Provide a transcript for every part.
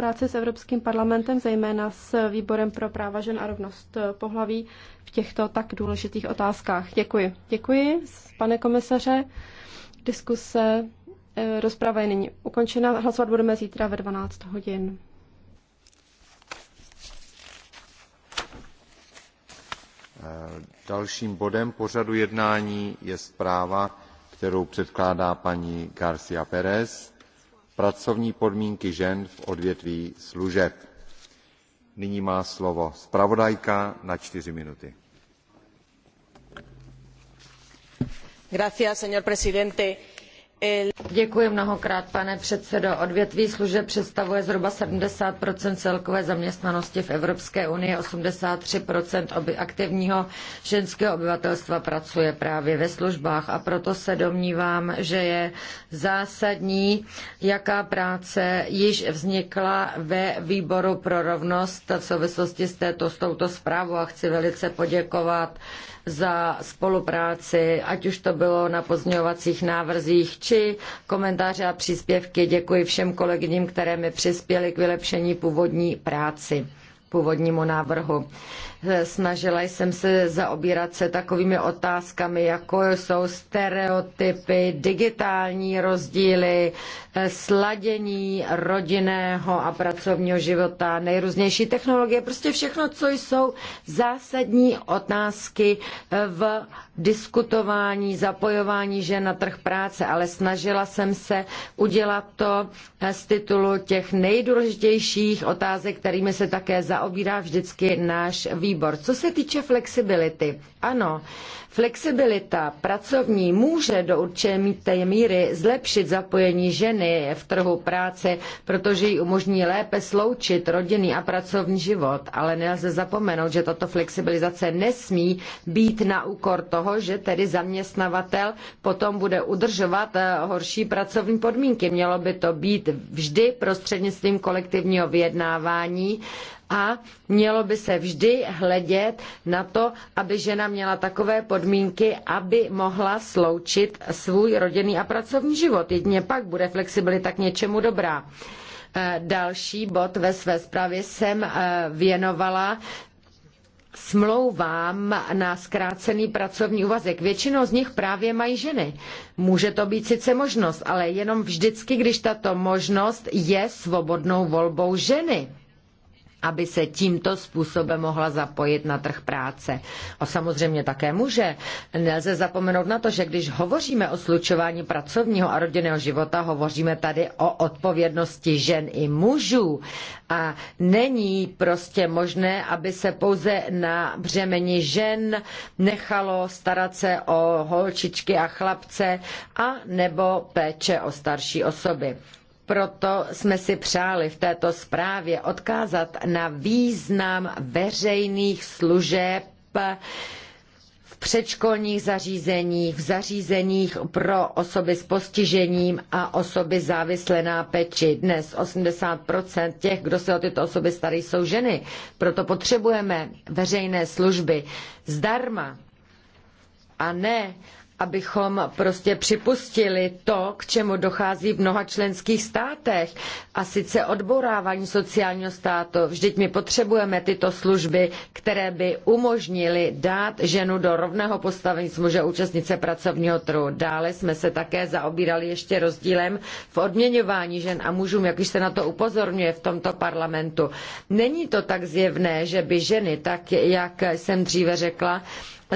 spolupráci s Evropským parlamentem, zejména s Výborem pro práva žen a rovnost pohlaví v těchto tak důležitých otázkách. Děkuji. Děkuji, pane komisaře. Diskuse, eh, rozprava je nyní ukončena. Hlasovat budeme zítra ve 12 hodin. Eh, dalším bodem pořadu jednání je zpráva, kterou předkládá paní Garcia Pérez pracovní podmínky žen v odvětví služeb. nyní má slovo zpravodajka na čtyři minuty. señor presidente Děkuji mnohokrát, pane předsedo. Odvětví služeb představuje zhruba 70 celkové zaměstnanosti v Evropské unii, 83 oby aktivního ženského obyvatelstva pracuje právě ve službách a proto se domnívám, že je zásadní, jaká práce již vznikla ve výboru pro rovnost v souvislosti s, této, s touto zprávou a chci velice poděkovat za spolupráci, ať už to bylo na pozměňovacích návrzích, či komentáře a příspěvky. Děkuji všem kolegyním, které mi přispěly k vylepšení původní práci původnímu návrhu. Snažila jsem se zaobírat se takovými otázkami, jako jsou stereotypy, digitální rozdíly, sladění rodinného a pracovního života, nejrůznější technologie, prostě všechno, co jsou zásadní otázky v diskutování, zapojování žen na trh práce, ale snažila jsem se udělat to z titulu těch nejdůležitějších otázek, kterými se také zaobírá vždycky náš výbor výbor. Co se týče flexibility, ano, flexibilita pracovní může do určité míry zlepšit zapojení ženy v trhu práce, protože jí umožní lépe sloučit rodinný a pracovní život, ale nelze zapomenout, že tato flexibilizace nesmí být na úkor toho, že tedy zaměstnavatel potom bude udržovat eh, horší pracovní podmínky. Mělo by to být vždy prostřednictvím kolektivního vyjednávání a mělo by se vždy hledět na to, aby žena měla takové podmínky, aby mohla sloučit svůj rodinný a pracovní život. Jedině pak bude flexibilita k něčemu dobrá. E, další bod ve své zprávě jsem e, věnovala smlouvám na zkrácený pracovní úvazek. Většinou z nich právě mají ženy. Může to být sice možnost, ale jenom vždycky, když tato možnost je svobodnou volbou ženy aby se tímto způsobem mohla zapojit na trh práce. A samozřejmě také muže. Nelze zapomenout na to, že když hovoříme o slučování pracovního a rodinného života, hovoříme tady o odpovědnosti žen i mužů. A není prostě možné, aby se pouze na břemeni žen nechalo starat se o holčičky a chlapce a nebo péče o starší osoby. Proto jsme si přáli v této zprávě odkázat na význam veřejných služeb v předškolních zařízeních, v zařízeních pro osoby s postižením a osoby závislé na péči. Dnes 80% těch, kdo se o tyto osoby starají, jsou ženy. Proto potřebujeme veřejné služby zdarma a ne abychom prostě připustili to, k čemu dochází v mnoha členských státech, a sice odborávání sociálního státu. Vždyť my potřebujeme tyto služby, které by umožnily dát ženu do rovného postavení s muže účastnice pracovního trhu. Dále jsme se také zaobírali ještě rozdílem v odměňování žen a mužů, jak už se na to upozorňuje v tomto parlamentu. Není to tak zjevné, že by ženy, tak jak jsem dříve řekla,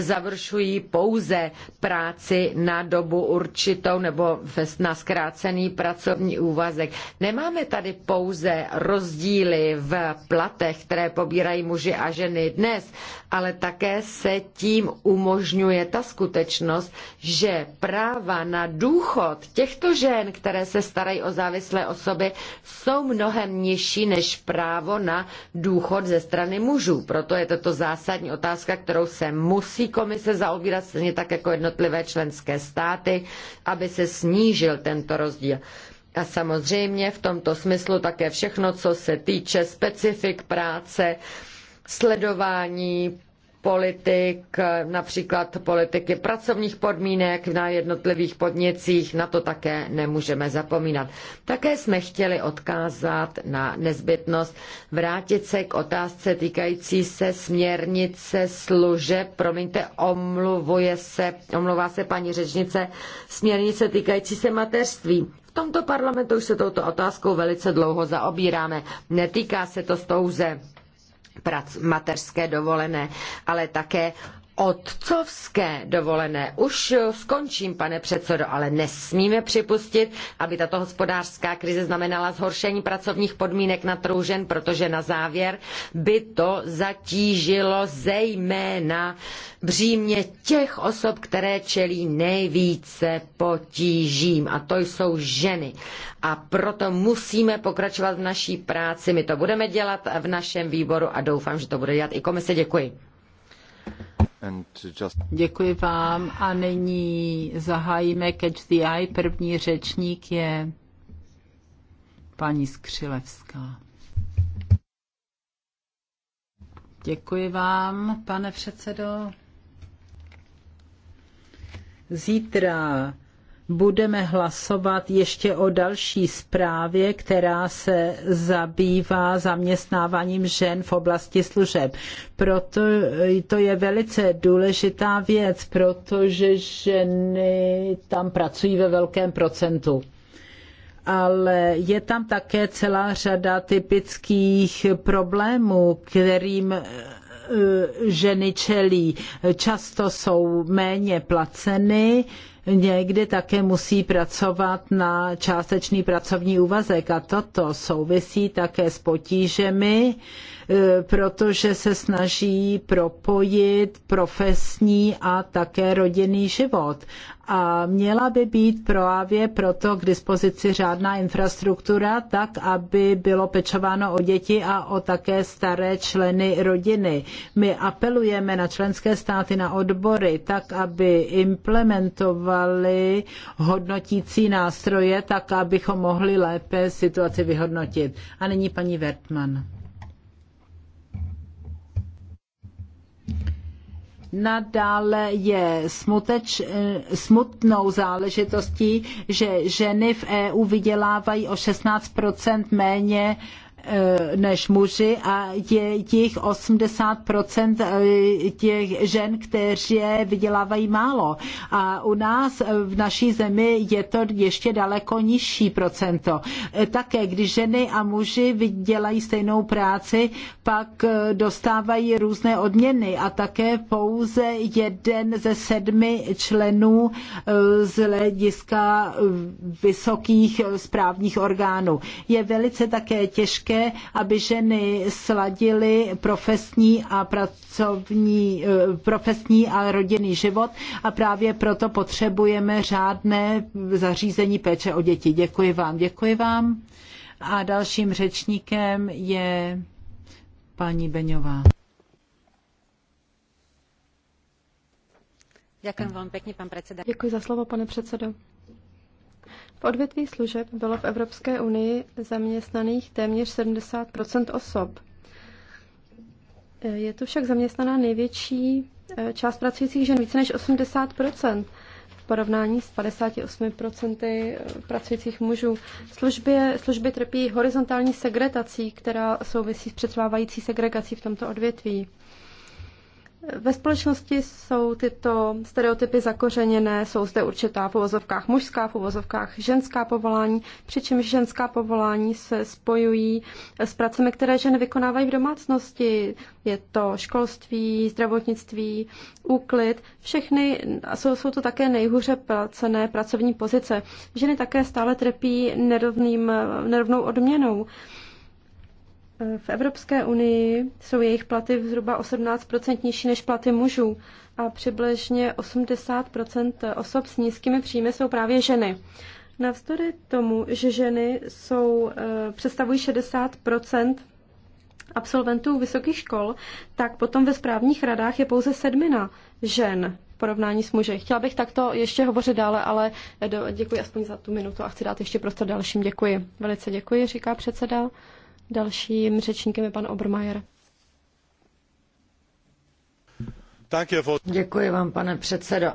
završují pouze práci na dobu určitou nebo na zkrácený pracovní úvazek. Nemáme tady pouze rozdíly v platech, které pobírají muži a ženy dnes, ale také se tím umožňuje ta skutečnost, že práva na důchod těchto žen, které se starají o závislé osoby, jsou mnohem nižší než právo na důchod ze strany mužů. Proto je toto zásadní otázka, kterou se musí musí komise zaobírat stejně tak jako jednotlivé členské státy, aby se snížil tento rozdíl. A samozřejmě v tomto smyslu také všechno, co se týče specifik práce, sledování politik, například politiky pracovních podmínek na jednotlivých podnicích, na to také nemůžeme zapomínat. Také jsme chtěli odkázat na nezbytnost vrátit se k otázce týkající se směrnice služeb. Promiňte, omluvuje se, omluvá se paní řečnice, směrnice týkající se mateřství. V tomto parlamentu už se touto otázkou velice dlouho zaobíráme. Netýká se to stouze prac mateřské dovolené, ale také otcovské dovolené. Už skončím, pane předsedo, ale nesmíme připustit, aby tato hospodářská krize znamenala zhoršení pracovních podmínek na trhu žen, protože na závěr by to zatížilo zejména břímě těch osob, které čelí nejvíce potížím. A to jsou ženy. A proto musíme pokračovat v naší práci. My to budeme dělat v našem výboru a doufám, že to bude dělat i komise. Děkuji. Děkuji vám a nyní zahájíme Catch the Eye. První řečník je paní Skřilevská. Děkuji vám, pane předsedo. Zítra budeme hlasovat ještě o další zprávě, která se zabývá zaměstnáváním žen v oblasti služeb. Proto to je velice důležitá věc, protože ženy tam pracují ve velkém procentu ale je tam také celá řada typických problémů, kterým eh, ženy čelí. Často jsou méně placeny, někdy také musí pracovat na částečný pracovní úvazek a toto souvisí také s potížemi, e, protože se snaží propojit profesní a také rodinný život. A měla by být právě proto k dispozici řádná infrastruktura, tak aby bylo pečováno o děti a o také staré členy rodiny. My apelujeme na členské státy, na odbory, tak aby implementovali používali hodnotící nástroje, tak abychom mohli lépe situaci vyhodnotit. A nyní paní Vertman. nadále je smuteč, smutnou záležitostí, že ženy v EU vydělávají o 16 méně Eh, než muži a je jich 80% eh, těch žen, které vydělávají málo. A u nás eh, v naší zemi je to ještě daleko nižší procento. Také, když ženy a muži vydělají stejnou práci, pak dostávají různé odměny a také pouze jeden ze sedmi členů z hlediska vysokých správních orgánů. Je velice také těžké také, aby ženy sladily profesní a pracovní, eh, profesní a rodinný život a právě proto potřebujeme řádné zařízení péče o děti. Děkuji vám, děkuji vám. A dalším řečníkem je paní Beňová. Děkuji vám pěkně, pan předseda. Děkuji za slovo, pane předsedo. V odvětví služeb bylo v Evropské unii zaměstnaných téměř 70 osob. Je tu však zaměstnaná největší eh, část pracujících žen, více než 80 v porovnání s 58% eh, pracujících mužů. Služby, služby trpí horizontální segregací, která souvisí s přetrvávající segregací v tomto odvětví. Ve společnosti jsou tyto stereotypy zakořeněné, jsou zde určitá v uvozovkách mužská, v uvozovkách ženská povolání, přičemž ženská povolání se spojují s pracemi, které ženy vykonávají v domácnosti. Je to školství, zdravotnictví, úklid, všechny, jsou, jsou to také nejhůře placené pracovní pozice. Ženy také stále trpí nerovným, nerovnou odměnou. V Evropské unii jsou jejich platy zhruba 18 nižší než platy mužů a přibližně 80 osob s nízkými příjmy jsou právě ženy. Navzdory tomu, že ženy jsou, eh, představují 60 absolventů vysokých škol, tak potom ve správních radách je pouze sedmina žen v porovnání s muži. Chtěla bych takto ještě hovořit dále, ale eh, děkuji aspoň za tu minutu a chci dát ještě prostor dalším. Děkuji. Velice děkuji, říká předseda. Dalším řečníkem je pan Obermajer. Děkuji vám, pane předsedo.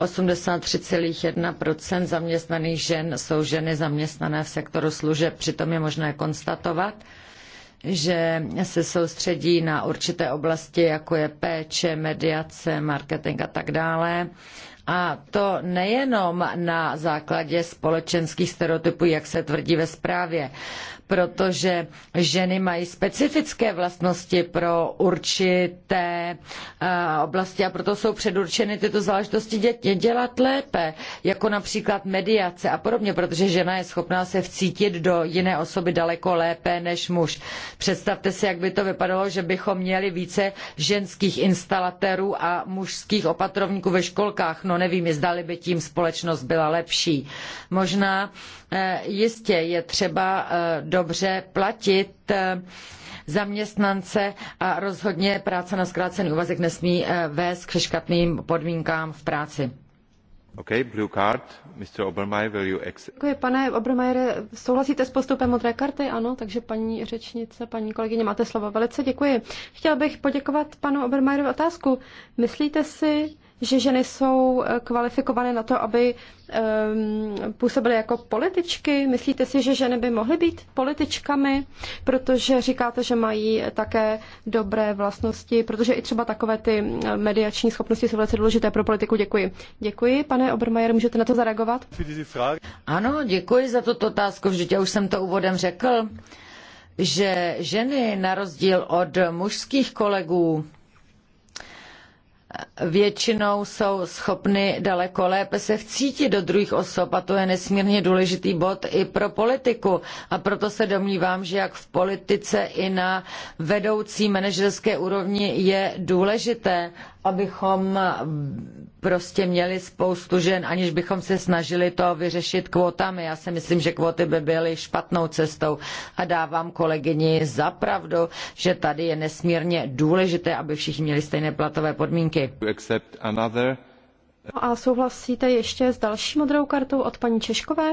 83,1 zaměstnaných žen jsou ženy zaměstnané v sektoru služeb. Přitom je možné konstatovat, že se soustředí na určité oblasti, jako je péče, mediace, marketing a tak dále. A to nejenom na základě společenských stereotypů, jak se tvrdí ve zprávě protože ženy mají specifické vlastnosti pro určité eh, oblasti a proto jsou předurčeny tyto záležitosti dělat lépe, jako například mediace a podobně, protože žena je schopná se vcítit do jiné osoby daleko lépe než muž. Představte si, jak by to vypadalo, že bychom měli více ženských instalatérů a mužských opatrovníků ve školkách. No nevím, zdali by tím společnost byla lepší. Možná eh, jistě je třeba eh, do dobře platit eh, zaměstnance a rozhodně práce na zkrácený úvazek nesmí eh, vést k špatným podmínkám v práci. Okay, blue card. Mr. Obermeier, will you ex- Děkuji, pane Obermeiere, souhlasíte s postupem modré karty? Ano, takže paní řečnice, paní kolegyně, máte slovo. Velice děkuji. Chtěl bych poděkovat panu Obermeierovi otázku. Myslíte si, že ženy jsou eh, kvalifikované na to, aby um, působily jako političky? Myslíte si, že ženy by mohly být političkami, protože říkáte, že mají také dobré vlastnosti, protože i třeba takové ty eh, mediační schopnosti jsou velice důležité pro politiku. Děkuji. Děkuji, pane Obermajer, můžete na to zareagovat? Ano, děkuji za tuto otázku, vždyť já už jsem to úvodem řekl že ženy na rozdíl od mužských kolegů většinou jsou schopny daleko lépe se vcítit do druhých osob a to je nesmírně důležitý bod i pro politiku. A proto se domnívám, že jak v politice i na vedoucí manažerské úrovni je důležité, abychom prostě měli spoustu žen, aniž bychom se snažili to vyřešit kvótami. Já si myslím, že kvóty by byly špatnou cestou a dávám kolegyni za pravdu, že tady je nesmírně důležité, aby všichni měli stejné platové podmínky. No a souhlasíte ještě s další modrou kartou od paní Češkové?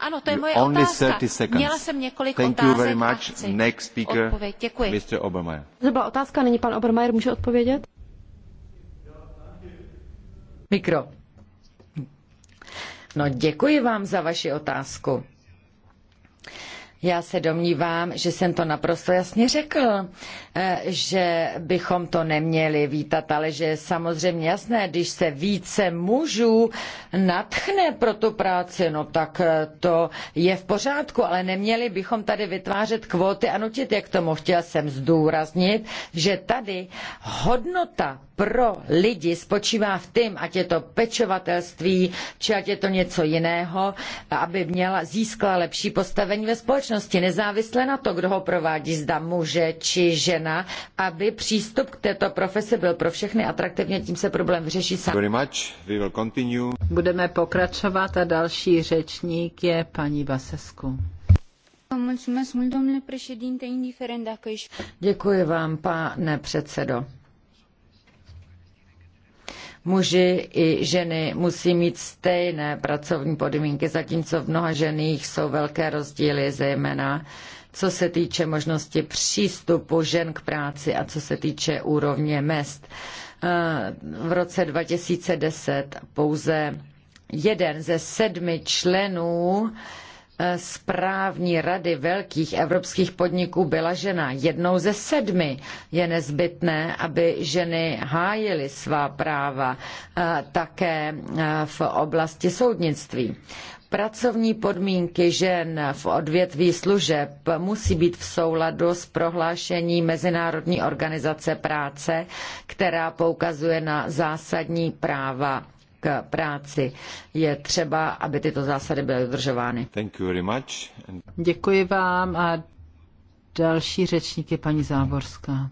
Ano, to je moje Only otázka. Měla jsem několik Thank otázek you very much. a chci Next speaker, odpověď. Děkuji. Mr. Obermeier. To byla otázka, není pan Obermeier může odpovědět. Mikro. No děkuji vám za vaši otázku. Já se domnívám, že jsem to naprosto jasně řekl, eh, že bychom to neměli vítat, ale že je samozřejmě jasné, když se více mužů natchne pro tu práci, no tak eh, to je v pořádku, ale neměli bychom tady vytvářet kvóty a nutit je k tomu. Chtěl jsem zdůraznit, že tady hodnota pro lidi spočívá v tom, ať je to pečovatelství, či ať je to něco jiného, aby měla, získala lepší postavení ve společnosti společnosti, nezávisle na to, kdo ho provádí, zda muže či žena, aby přístup k této profesi byl pro všechny atraktivně, tím se problém vyřeší sám. Budeme pokračovat a další řečník je paní Basesku. Děkuji vám, pane předsedo Muži i ženy musí mít stejné pracovní podmínky, zatímco v mnoha ženích jsou velké rozdíly, zejména co se týče možnosti přístupu žen k práci a co se týče úrovně mest. Eh, v roce 2010 pouze jeden ze sedmi členů Eh, správní rady velkých evropských podniků byla žena. Jednou ze sedmi je nezbytné, aby ženy hájily svá práva eh, také eh, v oblasti soudnictví. Pracovní podmínky žen v odvětví služeb musí být v souladu s prohlášením Mezinárodní organizace práce, která poukazuje na zásadní práva k práci. Je třeba, aby tyto zásady byly dodržovány. Děkuji vám a další řečník je paní Záborská.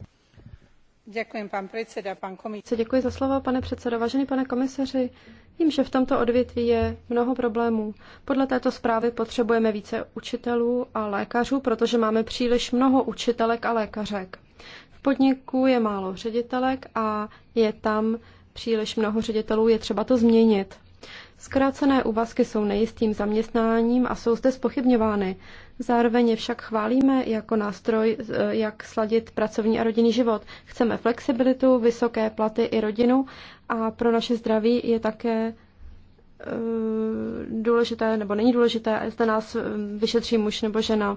Děkuji, pan předseda, pan komisař. Děkuji za slovo, pane předsedo. Vážený pane komisaři, vím, že v tomto odvětví je mnoho problémů. Podle této zprávy potřebujeme více učitelů a lékařů, protože máme příliš mnoho učitelek a lékařek. V podniku je málo ředitelek a je tam příliš mnoho ředitelů, je třeba to změnit. Zkrácené úvazky jsou nejistým zaměstnáním a jsou zde spochybňovány. Zároveň je však chválíme jako nástroj, eh, jak sladit pracovní a rodinný život. Chceme flexibilitu, vysoké platy i rodinu a pro naše zdraví je také eh, důležité, nebo není důležité, zda nás eh, vyšetří muž nebo žena.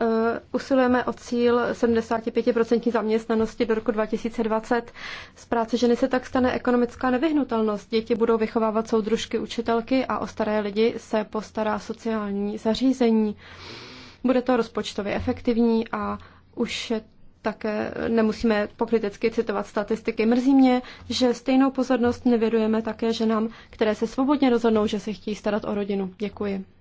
Eh, usilujeme o cíl 75% zaměstnanosti do roku 2020. Z práce ženy se tak stane ekonomická nevyhnutelnost. Děti budou vychovávat soudružky, učitelky a o staré lidi se postará sociální zařízení. Bude to rozpočtově efektivní a už také nemusíme pokriticky citovat statistiky. Mrzí mě, že stejnou pozornost nevědujeme také ženám, které se svobodně rozhodnou, že se chtějí starat o rodinu. Děkuji.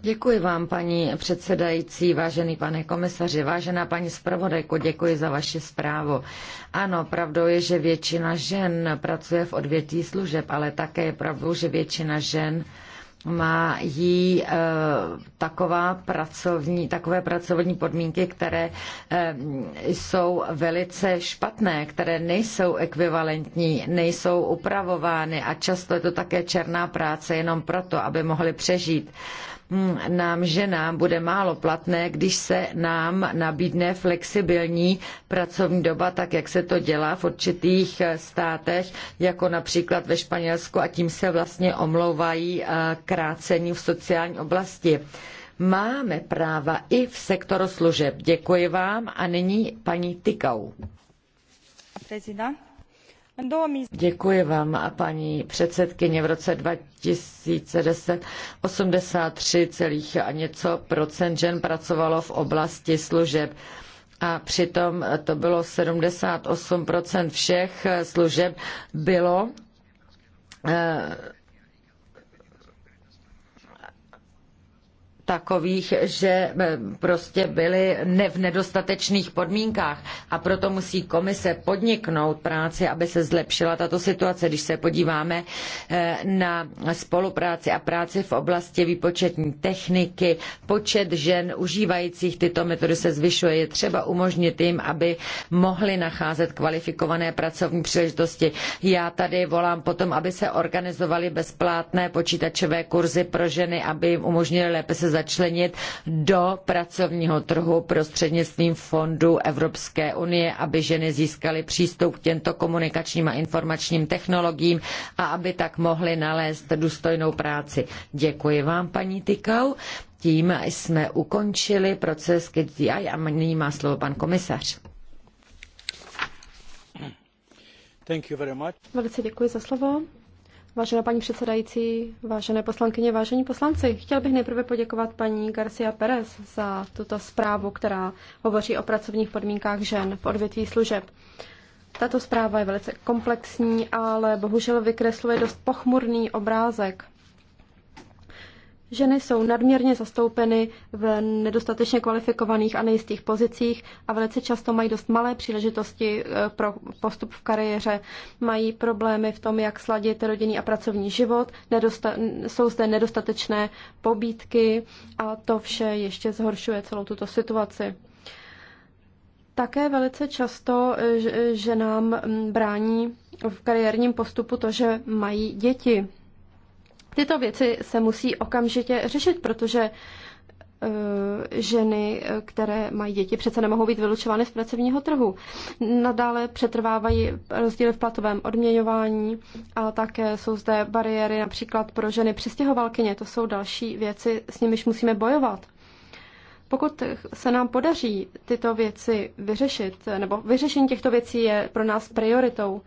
Děkuji vám, paní předsedající, vážený pane komisaři, vážená paní zpravodajko, děkuji za vaši zprávu. Ano, pravdou je, že většina žen pracuje v odvětví služeb, ale také je pravdou, že většina žen mají eh, taková pracovní, takové pracovní podmínky, které eh, jsou velice špatné, které nejsou ekvivalentní, nejsou upravovány a často je to také černá práce jenom proto, aby mohli přežít. Mm, nám ženám bude málo platné, když se nám nabídne flexibilní pracovní doba, tak jak se to dělá v určitých eh, státech, jako například ve Španělsku a tím se vlastně omlouvají eh, krácení v sociální oblasti. Máme práva i v sektoru služeb. Děkuji vám a nyní paní Tykau. Prezident. Děkuji vám, a paní předsedkyně. V roce 2010 83, celých a něco procent žen pracovalo v oblasti služeb a přitom to bylo 78% všech služeb bylo eh, takových, že eh, prostě byly ne v nedostatečných podmínkách a proto musí komise podniknout práci, aby se zlepšila tato situace. Když se podíváme eh, na spolupráci a práci v oblasti výpočetní techniky, počet žen užívajících tyto metody se zvyšuje. Je třeba umožnit jim, aby mohli nacházet kvalifikované pracovní příležitosti. Já tady volám potom, aby se organizovaly bezplatné počítačové kurzy pro ženy, aby jim umožnili lépe se začít začlenit do pracovního trhu prostřednictvím fondů Evropské unie, aby ženy získaly přístup k těmto komunikačním a informačním technologiím a aby tak mohly nalézt důstojnou práci. Děkuji vám, paní Tykau. Tím jsme ukončili proces KDI a nyní má slovo pan komisař. Velice děkuji za slovo. Vážená paní předsedající, vážené poslankyně, vážení poslanci, chtěl bych nejprve poděkovat paní Garcia Perez za tuto zprávu, která hovoří o pracovních podmínkách žen v odvětví služeb. Tato zpráva je velice komplexní, ale bohužel vykresluje dost pochmurný obrázek Ženy jsou nadměrně zastoupeny v nedostatečně kvalifikovaných a nejistých pozicích a velice často mají dost malé příležitosti eh, pro postup v kariéře. Mají problémy v tom, jak sladit rodinný a pracovní život, nedosta- jsou zde nedostatečné pobídky a to vše ještě zhoršuje celou tuto situaci. Také velice často eh, ženám mm, brání v kariérním postupu to, že mají děti. Tyto věci se musí okamžitě řešit, protože e, ženy, které mají děti, přece nemohou být vylučovány z pracovního trhu. Nadále přetrvávají rozdíly v platovém odměňování a také jsou zde bariéry například pro ženy přistěhovalkyně. To jsou další věci, s nimiž musíme bojovat. Pokud se nám podaří tyto věci vyřešit, nebo vyřešení těchto věcí je pro nás prioritou,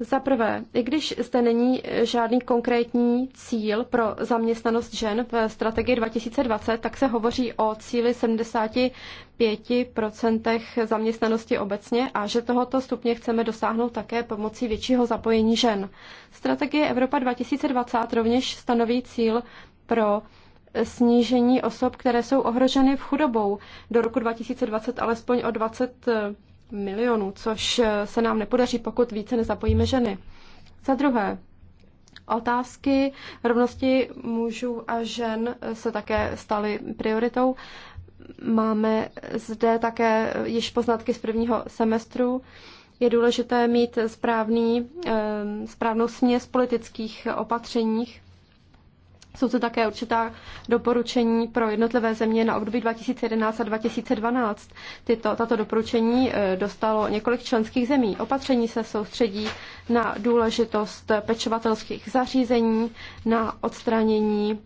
za prvé, i když zde není eh, žádný konkrétní cíl pro zaměstnanost žen v strategii 2020, tak se hovoří o cíli 75% zaměstnanosti obecně a že tohoto stupně chceme dosáhnout také pomocí většího zapojení žen. Strategie Evropa 2020 rovněž stanoví cíl pro eh, snížení osob, které jsou ohroženy v chudobou do roku 2020 alespoň o 20 milionů, což eh, se nám nepodaří, pokud více nezapojíme ženy. Za druhé, otázky rovnosti mužů a žen eh, se také staly prioritou. Máme zde také eh, již poznatky z prvního semestru. Je důležité mít správný, správnou směs politických opatřeních jsou to také určitá doporučení pro jednotlivé země na období 2011 a 2012. Tyto, tato doporučení e, dostalo několik členských zemí. Opatření se soustředí na důležitost pečovatelských zařízení, na odstranění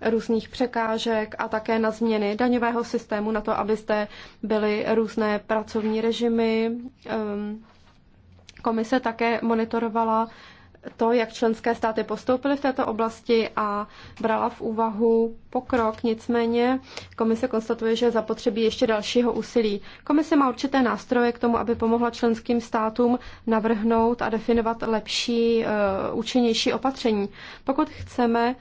různých překážek a také na změny daňového systému, na to, abyste byly různé pracovní režimy. Ehm, komise také monitorovala to, jak členské státy postoupily v této oblasti a brala v úvahu pokrok. Nicméně komise konstatuje, že zapotřebí ještě dalšího úsilí. Komise má určité nástroje k tomu, aby pomohla členským státům navrhnout a definovat lepší, eh, účinnější opatření. Pokud chceme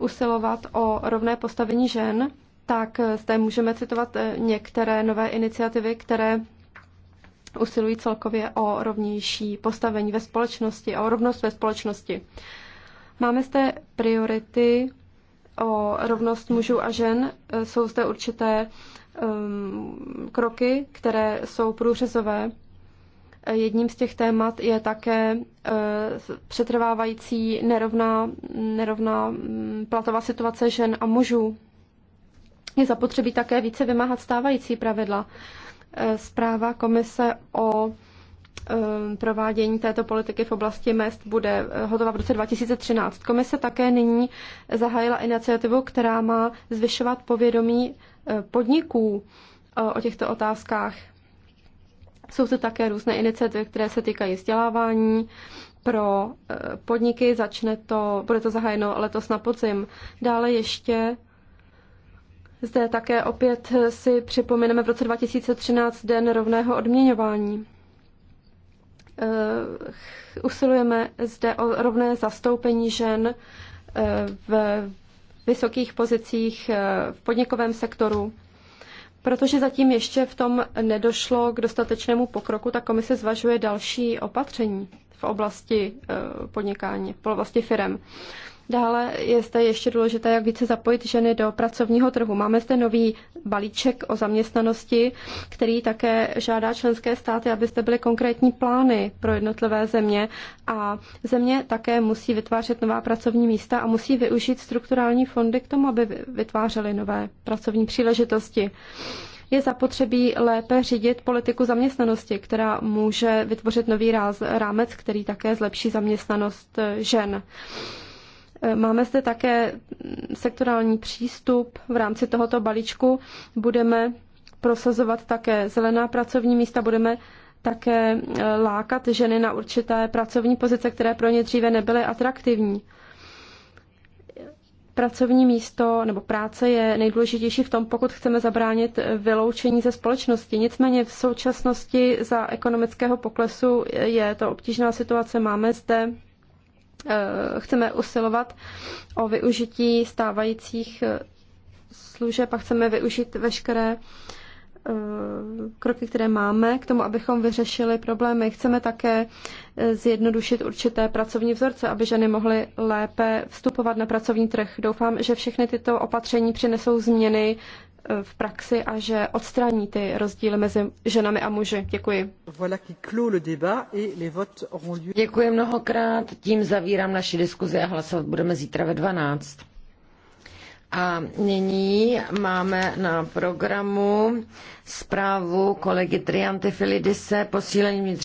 usilovat o rovné postavení žen, tak eh, zde můžeme citovat eh, některé nové iniciativy, které usilují celkově o rovnější postavení ve společnosti, o rovnost ve společnosti. Máme zde priority o rovnost mužů a žen. Jsou zde určité um, kroky, které jsou průřezové. Jedním z těch témat je také uh, přetrvávající nerovná, nerovná mm, platová situace žen a mužů. Je zapotřebí také více vymáhat stávající pravidla. Eh, zpráva komise o eh, provádění této politiky v oblasti mest bude eh, hotová v roce 2013. Komise také nyní zahájila iniciativu, která má zvyšovat povědomí podniků o těchto otázkách. Jsou to také různé iniciativy, které se týkají vzdělávání pro podniky. Začne to, bude to zahájeno letos na podzim. Dále ještě zde také opět si připomeneme v roce 2013 Den rovného odměňování. Eh, usilujeme zde o rovné zastoupení žen eh, v vysokých pozicích eh, v podnikovém sektoru. Protože zatím ještě v tom nedošlo k dostatečnému pokroku, tak komise zvažuje další opatření v oblasti podnikání, v oblasti firem. Dále je zde ještě důležité, jak více zapojit ženy do pracovního trhu. Máme zde nový balíček o zaměstnanosti, který také žádá členské státy, aby zde byly konkrétní plány pro jednotlivé země a země také musí vytvářet nová pracovní místa a musí využít strukturální fondy k tomu, aby vytvářely nové pracovní příležitosti je zapotřebí lépe řídit politiku zaměstnanosti, která může vytvořit nový rámec, který také zlepší zaměstnanost žen. Máme zde také sektorální přístup v rámci tohoto balíčku. Budeme prosazovat také zelená pracovní místa, budeme také e, lákat ženy na určité pracovní pozice, které pro ně dříve nebyly atraktivní. Pracovní místo nebo práce je nejdůležitější v tom, pokud chceme zabránit vyloučení ze společnosti. Nicméně v současnosti za ekonomického poklesu je to obtížná situace. Máme zde Eh, chceme usilovat o využití stávajících eh, služeb a chceme využít veškeré eh, kroky, které máme k tomu, abychom vyřešili problémy. Chceme také zjednodušit určité pracovní vzorce, aby ženy mohly lépe vstupovat na pracovní trh. Doufám, že všechny tyto opatření přinesou změny v praxi a že odstraní ty rozdíly mezi ženami a muži. Děkuji. Děkuji mnohokrát, tím zavírám naši diskuzi a hlasovat budeme zítra ve 12. A nyní máme na programu zprávu kolegy Trianty Filidise posílení